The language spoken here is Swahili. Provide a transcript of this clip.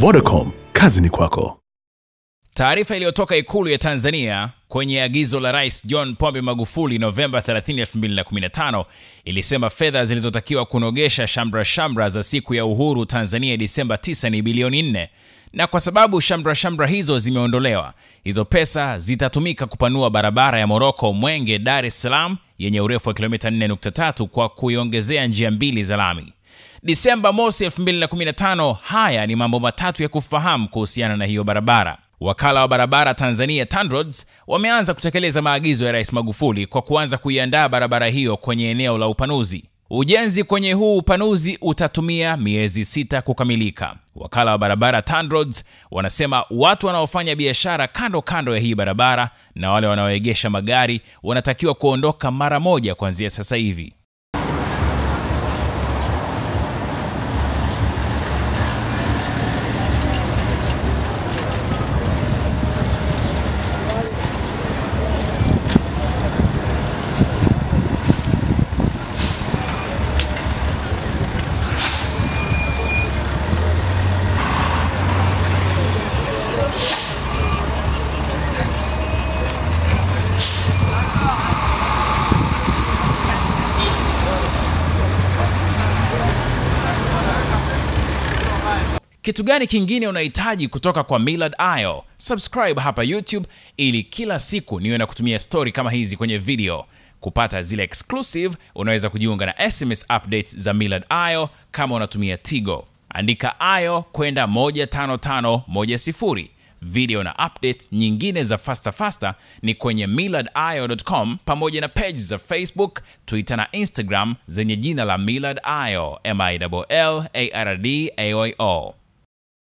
Vodacom, kazi ni kwako. Taarifa iliyotoka Ikulu ya Tanzania kwenye agizo la Rais John Pombe Magufuli Novemba 30, 2015 ilisema fedha zilizotakiwa kunogesha shamra shamra za siku ya uhuru Tanzania Disemba 9 ni bilioni 4 na kwa sababu shamra shamra hizo zimeondolewa, hizo pesa zitatumika kupanua barabara ya Moroko Mwenge Dar es Salaam yenye urefu wa kilomita 4.3 kwa kuiongezea njia mbili za lami. Disemba mosi 2015. Haya ni mambo matatu ya kufahamu kuhusiana na hiyo barabara. Wakala wa barabara Tanzania TANROADS wameanza kutekeleza maagizo ya Rais Magufuli kwa kuanza kuiandaa barabara hiyo kwenye eneo la upanuzi. Ujenzi kwenye huu upanuzi utatumia miezi sita kukamilika. Wakala wa barabara TANROADS wanasema watu wanaofanya biashara kando kando ya hii barabara na wale wanaoegesha magari wanatakiwa kuondoka mara moja kuanzia sasa hivi. Kitu gani kingine unahitaji kutoka kwa Millard Ayo? Subscribe hapa YouTube ili kila siku niwe na kutumia story kama hizi kwenye video. Kupata zile exclusive, unaweza kujiunga na SMS updates za Millard Ayo kama unatumia Tigo. Andika Ayo kwenda 15510. Video na updates nyingine za fasta fasta ni kwenye millardayo.com pamoja na page za Facebook, Twitter na Instagram zenye jina la Millard Ayo, M I L L A R D A Y O.